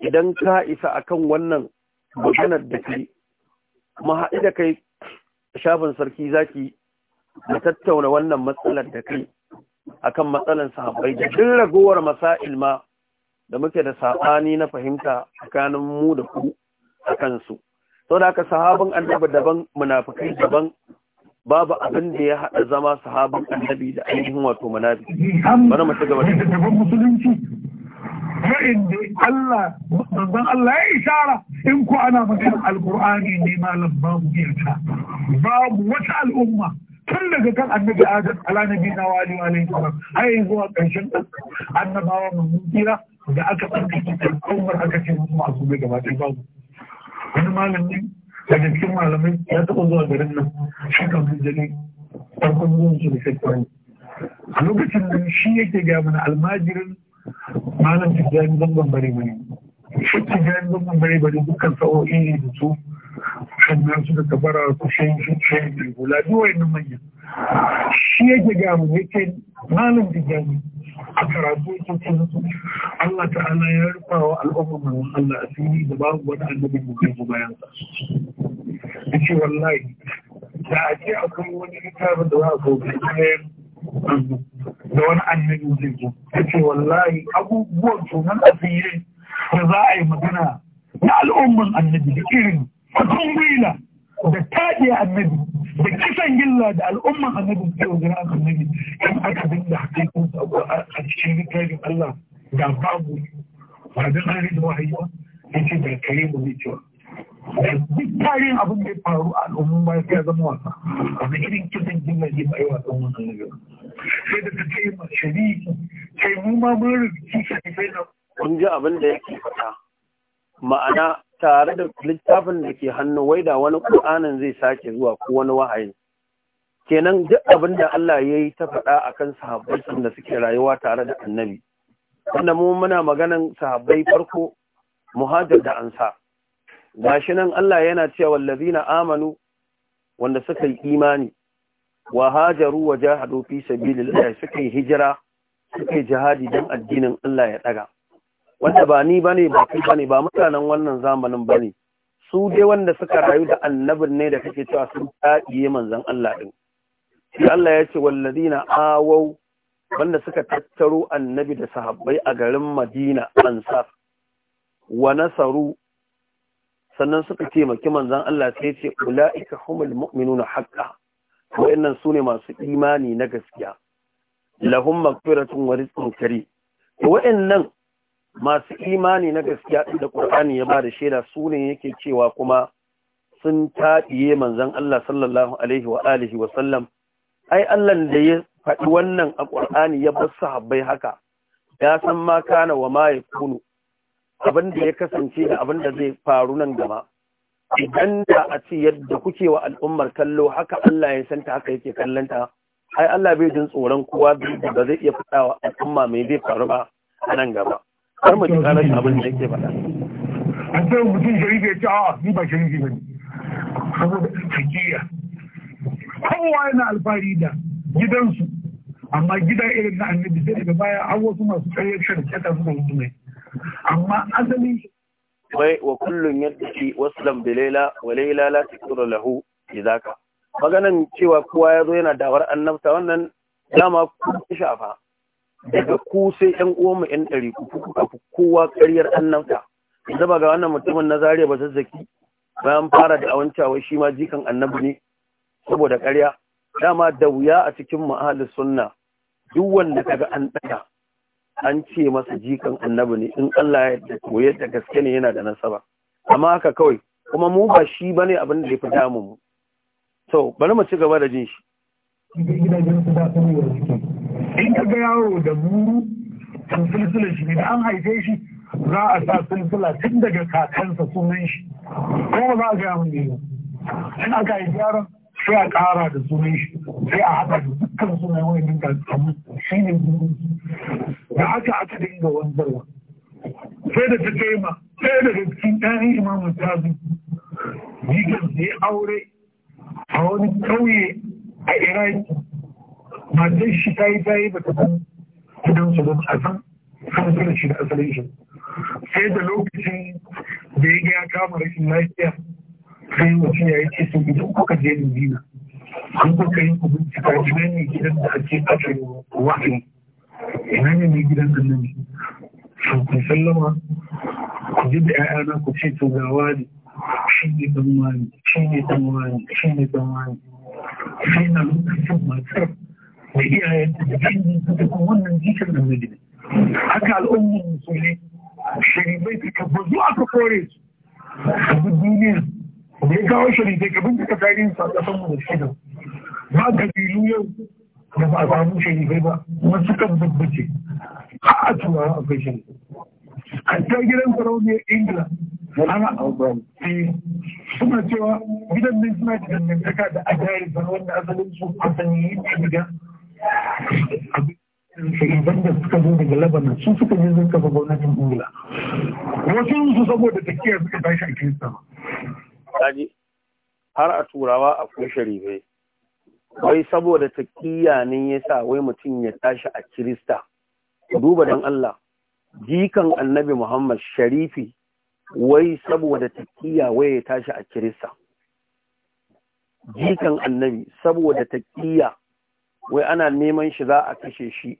Speaker 1: idan ka isa akan wannan maganar da ke mu haɗu da kai shafin sarki zaki mu tattauna wannan matsalar da kai akan matsalar sahabbai da duk ragowar masail ma da muke da saɓani na fahimta tsakanin mu da ku a kansu. Sau da aka sahabin annabi daban munafukai daban babu abin da ya haɗa zama sahabin annabi da ainihin wato manabi bana mu gaba da tabbacin
Speaker 3: musulunci ra'in da Allah manzon Allah ya isara in ku ana maganar alqur'ani ne malam babu yarda babu wata al'umma tun daga kan annabi adam ala nabi na wali alaihi salam har zuwa ƙarshen annabawa mun kira da aka tsarkake al'ummar aka ce musu masu gaba ɗaya babu wani malamin daga cikin malamai ya taɓa zuwa garin nan shaka jini farkon zuwan su da shekaru a lokacin nan shi yake ga mana almajirin malam tijjani zangon bare bare shi tijjani zangon bare bare dukkan sa'o'i da su sannan su da kabara kusan sun sai da gula duwai na manya shi yake ga mu yake malam da jami a karatu yake ce Allah ta'ala ya rufa wa al'umma manzon Allah asiri da babu wani annabi da ke bayan sa yace wallahi da a ce akwai wani littafin da za a kawo bayan da wani annabi zai zo yace wallahi abubuwan sunan asirin da za a yi magana na al'umman annabi da irin kudin gwila da taɗe annabi da kisan gilla da al'umman annabin ke wajen annabi in aka dinga hakikin a cikin littafin Allah da babu ba da tsari da wahayi ba ya ce da kare mu ne cewa da duk tarihin abin da ya faru a al'umman ba ya zama wasa wanda irin kisan gilla ne ba yi wasan wannan annabi ba sai da ta ce ma shariki sai mu ma mun
Speaker 1: rubuci shi sai na kun ji abin da yake faɗa ma'ana tare da littafin da ke hannu wai da wani ƙur'anin zai sake zuwa ko wani wahayi kenan duk abin da Allah ya yi ta faɗa a kan sahabbai da suke rayuwa tare da annabi wanda mu muna maganan sahabbai farko muhajir da ansa shi nan Allah yana cewa na amanu wanda suka yi imani wa hajaru wa jahadu fi sabilillah suka yi hijira suka yi jihadi don addinin Allah ya ɗaga? wanda ba ni bane ba kai bane ba mutanen wannan zamanin bane su dai wanda suka rayu da annabin ne da kake cewa sun taɗiye manzon Allah din shi Allah ya ce walladina awau wanda suka tattaro annabi da sahabbai a garin Madina ansar wa nasaru sannan suka taimaki manzon Allah sai ce ulaika humul mu'minuna haqqan wa'annan sune masu imani na gaskiya lahum maghfiratun wa rizqun karim wa'annan masu imani na gaskiya da ƙur'ani ya ba da shaida su ne yake cewa kuma sun taɗiye manzon Allah sallallahu alaihi wa alihi wa sallam ai Allah da ya faɗi wannan a Qur'ani ya bar habbai haka ya san ma kana wa ma kunu, abin da ya kasance da abin da zai faru nan gaba idan da a ce yadda kuke wa al'ummar kallo haka Allah ya santa haka yake kallanta ai Allah bai jin tsoron kowa da zai iya faɗawa al'umma mai zai faru ba a nan gaba har mu ji karar abin da yake faɗa a
Speaker 3: sai mutum sharifi ya ce a ni ba sharifi ba
Speaker 1: ne saboda hakiya
Speaker 3: kowa yana alfahari da gidansu amma gida irin na annabi sai daga baya har wasu masu karyar shirkata suka yi mai amma asali
Speaker 1: wai wa kullun yadda waslam bi laila wa laila la tukuru lahu idaka maganan cewa kowa ya zo yana dawar annabta wannan dama kun shafa daga ku sai yan uwanmu yan ɗari ku kuka fi kowa ƙaryar annabta yanzu ba ga wannan mutumin na Zaria ba zazzaki bayan fara da awancawa shi ma jikan annabi ne saboda ƙarya dama da wuya a cikin ma'alis sunna duk wanda kaga an ɗaya an ce masa jikan annabi ne in Allah ya koyar da gaske ne yana da nasaba amma haka kawai kuma mu ba shi bane abin da ya fi damu mu to bari mu ci gaba da jin shi
Speaker 2: gidajen in ka ga
Speaker 3: yaro da buru to silsilar shi da an haife shi za a sa silsila tun daga kakansa sunan shi ko ba za a gaya mun ne in aka haifi yaron sai a ƙara da sunan shi sai a haɗa da dukkan sunan wani da kamar shi ne da aka aka dinga wanzarwa sai da ta taima sai daga cikin imamu ta zu jikin sai aure a wani ƙauye a iraki matan shi ta yi bayi ba ta san gidan su don a san shi da asalin shi sai da lokacin da ya ya kama rashin lafiya sai mutum ya yi ce to idan kuka je Madina an kuka yi ku bincika ina ne gidan da ake ake wahayi ina ne ne gidan annabi to kun sallama ku ji da 'ya'yana ku ce to ga wani shi ne dan wani shi ne dan wani shi ne dan wani sai na lokacin matar Mai iyayen da dangin su da kuma wannan jikar da mijin haka al'ummar musulmi sharibai ta tabbazu aka kore su a duk duniyar da ya kawo sharibai ka bincika tarihin sa kasan mu da shida ba kabilu yau da ba a samu sharibai ba kuma sukan tabbace har a turawa akwai A ta gidan sarauniyar ingila ana suna cewa gidan nan suna da dangantaka da agari wanda asalin su a ne a gidan
Speaker 2: idan da suka zo daga Labana su suka je zai kafa gwamnatin Ingila.
Speaker 1: Wasu su
Speaker 3: saboda tafiya suka tashi a Kirista ba.
Speaker 1: Kaji, har a turawa a akwai sharifai. Wai saboda takiya ne ya sa wai mutum ya tashi a Kirista. Duba don Allah, jikan annabi Muhammad sharifi wai saboda takiya wai ya tashi a Kirista. Jikan annabi saboda takiya wai ana neman shi za a kashe shi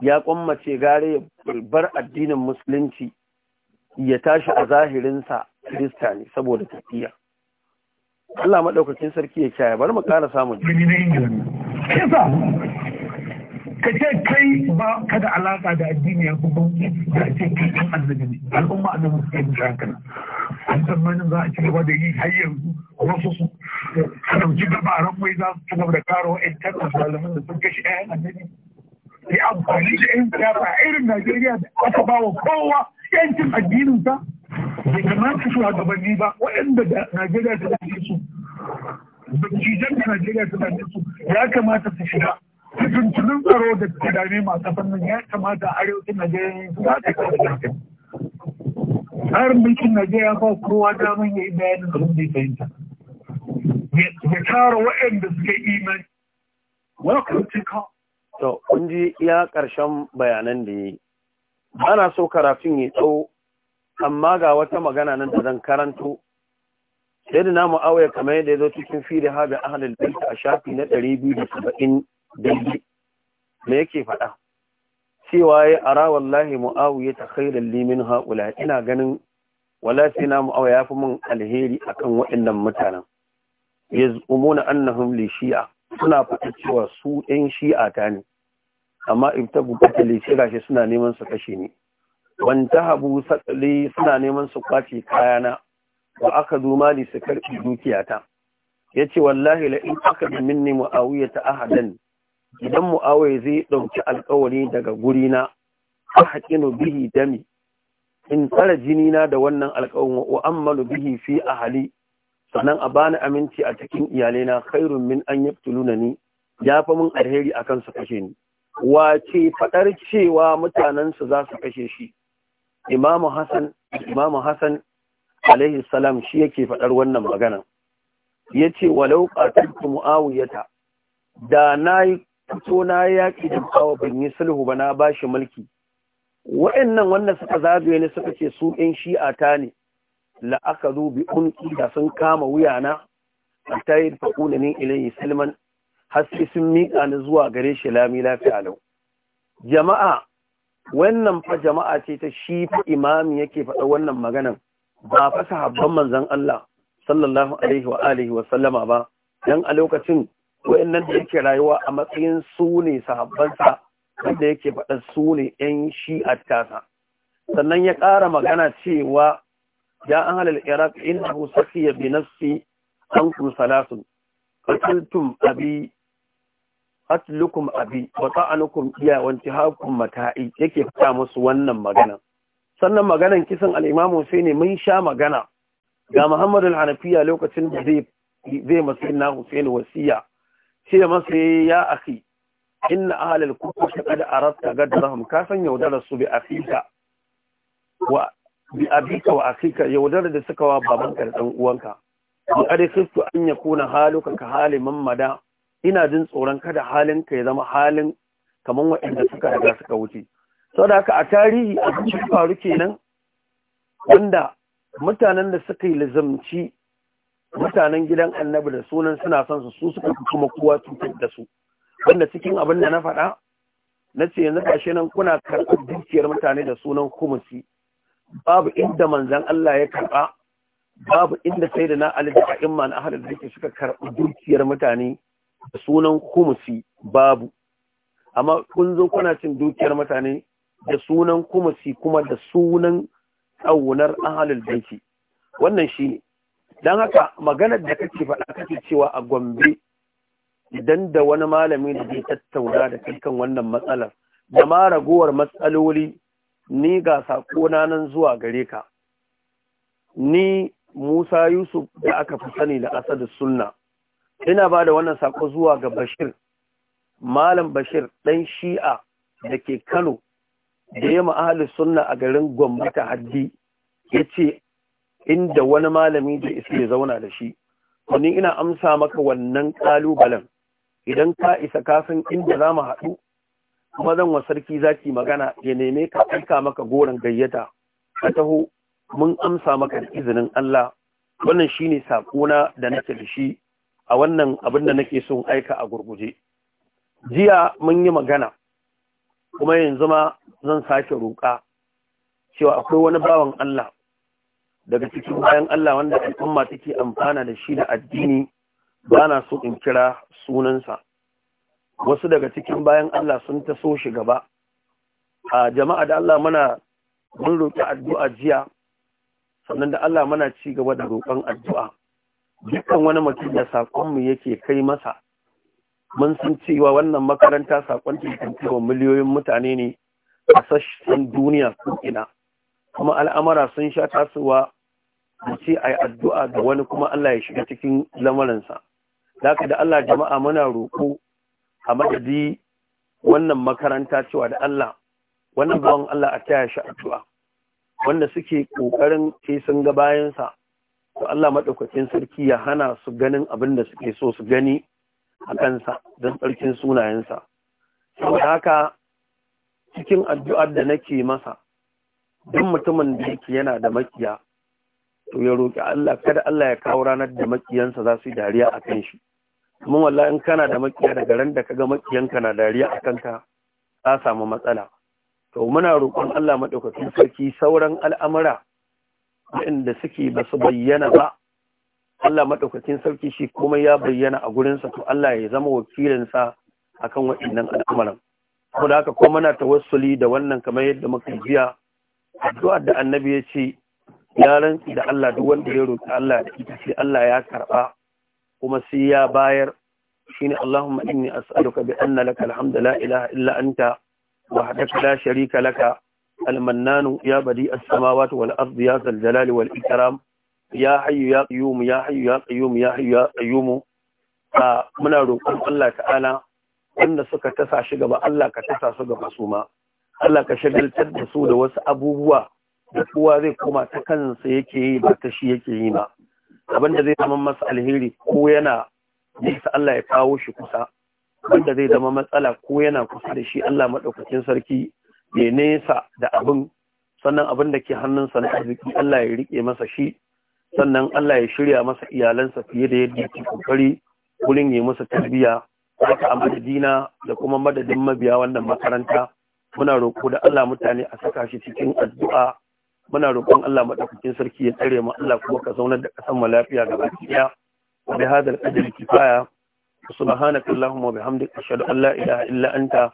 Speaker 1: ya kwammace gare ya bar addinin musulunci ya tashi a zahirinsa kirista ne saboda tafiya Allah maɗaukakin sarki ya kyaya bar mu ƙara samun ka ce
Speaker 3: kai ba ka da alaka da addini ya kuma da ce kai ɗan annabi ne al'umma annabi suke yin hankali an tsammanin za a ci gaba da yi har yanzu wasu su ɗauki dabaran mai za su ci gaba da karo ƴan tattalin zalimin da sun kashe ƴan annabi ya amfani da yin siyasa a irin Najeriya da aka ba wa kowa ƴancin addininsa bai kamata su gabanni ba waɗanda da Najeriya ta dace su da da Najeriya ta dace su ya kamata su shiga tuntunin tsaro da gidane masu fannin ya kamata a arewacin Najeriya su za ta kawo da Tsarin mulkin Najeriya ba kowa damar ya yi bayanin abin da ya fahimta. Ya tara waɗanda suke imani.
Speaker 1: Welcome to call. To, kun ji iya ƙarshen bayanan da ya yi. Ana so karafin ya tsawo, amma ga wata magana nan da zan karanto. Sai da namu auya kamar yadda ya zo cikin fili haɗa ahalin a shafi na ɗari biyu da saba'in daidai me yake faɗa cewa ya ara wallahi mu'awiya ta khairan limin haƙula ina ganin wallahi na mu'awiya ya fi mun alheri a kan waɗannan mutanen ya umuna annahum li shi'a suna faɗa cewa su ɗan shi'a ta ne amma ibtagu batali sai gashi suna neman su kashe ni wanta habu sakali suna neman su kwace kayana wa aka zo mali su karɓi dukiyata ya ce wallahi la in aka bi minni mu'awiya ta ahadan idan mu'awai zai ɗauki alkawari daga gurina a haƙinu bihi dami in tsara na da wannan alkawarin wa ammalu bihi fi hali. sannan a bani aminci a cikin iyalena khairun min an tuluna ni ya fa min alheri akan su kashe ni wace faɗar cewa mutanensu za su kashe shi imamu hassan imamu hassan alaihi salam shi yake faɗar wannan magana ya ce walau ƙatarku mu'awiyata da na yi fito na yaƙi da bawa ban yi sulhu ba na ba shi mulki wa'annan wanda suka zagaye ne suka ce su ɗin shi'a ta ne la'akazu bi unki da sun kama wuyana a ta yi faƙuna ne ilayi silman haske sun miƙa ni zuwa gare shi lami lafiya lau jama'a wannan fa jama'a ce ta shi fa imami yake faɗa wannan maganan ba fa sahabban manzon Allah sallallahu alaihi wa alihi wa sallama ba dan a lokacin wa'annan da yake rayuwa a matsayin su ne sahabbansa wanda yake faɗa su ne ‘yan a tasa sannan ya ƙara magana cewa ya an halal iraq inda ya bi nassi an kun salasun qataltum abi qatlukum abi wa ta'anukum iya wa hakun mata'i yake fita musu wannan magana sannan maganan kisan al’imamu sai ne mun sha magana ga Muhammadu al-Hanafiya lokacin da zai masu na Husaini wasiya ce masa ya akhi inna ahlal kufri qad aradta gadrahum ka san yaudarar su bi afika wa bi abika wa afika yaudarar da suka wa babanka da dan uwanka qad kristo an kuna haluka ka hali mamada ina jin tsoron kada halin ka ya zama halin kamar waɗanda suka riga suka wuce saboda haka a tarihi a cikin faru kenan wanda mutanen da suka yi lazamci mutanen gidan annabi da sunan suna son su su suka kuma kowa cutar da su wanda cikin abin da na faɗa na ce yanzu gashi nan kuna karɓar dukiyar mutane da sunan kumusi babu inda manzan Allah ya karɓa babu inda sai da na alida a imma na ahalar da suka karɓi dukiyar mutane da sunan kumusi babu amma kun zo kuna cin dukiyar mutane da sunan kumusi kuma da sunan tsaunar ahalar daiki wannan shi ne don haka maganar da kake faɗa kake cewa a gombe idan da wani malami da zai tattauna da kankan wannan matsalar da ma ragowar matsaloli ni ga sakona nan zuwa gare ka ni musa yusuf da aka fi sani da asadu sunna ina ba da wannan sako zuwa ga bashir malam bashir ɗan shi'a da ke kano da ya ma'ahalis sunna a garin Gombe ta haddi ya ce inda wani malami da iske ya zauna da shi wani ina amsa maka wannan ƙalubalen idan ka isa kafin inda za mu haɗu kuma zan wa sarki zaki magana ya neme ka aika maka goron gayyata ka taho mun amsa maka da izinin Allah wannan shi ne saƙona da nake da shi a wannan abin da nake son aika a gurguje jiya mun yi magana kuma yanzu ma zan sake roƙa cewa akwai wani bawan Allah daga cikin bayan Allah wanda al'umma take amfana da shi da addini ba na so in kira sunansa wasu daga cikin bayan Allah sun ta so shi gaba a jama'a da Allah muna mun roƙi addu'a jiya sannan da Allah muna ci gaba da roƙon addu'a dukkan wani mutum da sakon mu yake kai masa mun san cewa wannan makaranta saƙon tantancewa miliyoyin mutane ne a sashen duniya ko ina kuma al'amara sun sha tasowa mu a yi addu'a da wani kuma Allah ya shiga cikin lamarinsa. aka da Allah jama'a muna roƙo a madadi wannan makaranta cewa da Allah, wannan bawan Allah a taya shi addu'a, wanda suke ƙoƙarin ce sun ga bayansa, to Allah maɗaukacin sarki ya hana su ganin abin da suke so su gani a kansa don tsarkin sunayensa. Saboda haka cikin addu'ar da nake masa, duk mutumin da yake yana da makiya, to ya roƙi Allah kada Allah ya kawo ranar da makiyansa za su yi dariya a kan shi kuma wallahi in kana da makiya daga ran da kaga makiyanka na dariya a kanka ka samu matsala to muna roƙon Allah madaukakin sarki sauran al'amura waɗanda suke ba su bayyana ba Allah madaukakin sarki shi kuma ya bayyana a gurinsa to Allah ya zama wakilinsa akan waɗannan al'amuran saboda haka ko muna tawassuli da wannan kamar yadda muka jiya addu'ar da annabi ya ce ya rantsi da Allah duk wanda ya roƙi Allah da ita sai Allah ya karɓa kuma sai ya bayar shine Allahumma inni as'aluka bi anna laka alhamdu la ilaha illa anta wahdaka la sharika laka المنان يا بديع السماوات والأرض يا ذا الجلال ya يا حي يا قيوم يا حي يا ya يا ya يا قيوم muna roƙon Allah ta'ala wanda suka tasa shi gaba Allah ka tasa su gaba su ma Allah ka shagaltar da su da wasu abubuwa da kowa zai koma ta kansa yake yi ba ta shi yake yi ba abinda zai zama masa alheri ko yana nisa Allah ya kawo shi kusa wanda zai zama matsala ko yana kusa da shi Allah maɗaukakin sarki ya nesa da abin sannan abin da ke hannunsa na arziki Allah ya riƙe masa shi sannan Allah ya shirya masa iyalansa fiye da yadda yake kokari wurin yi masa tarbiyya haka a madadina da kuma madadin mabiya wannan makaranta muna roƙo da Allah mutane a saka shi cikin addu'a muna roƙon Allah madaukakin sarki ya tsare mu Allah kuma ka zaunar da kasan mu lafiya gaba ɗaya bi hadal ajri kifaya subhanaka allahumma wa bihamdika ashhadu an la ilaha illa anta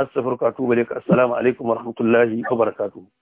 Speaker 1: astaghfiruka wa atubu ilaik assalamu alaikum wa rahmatullahi wa barakatuh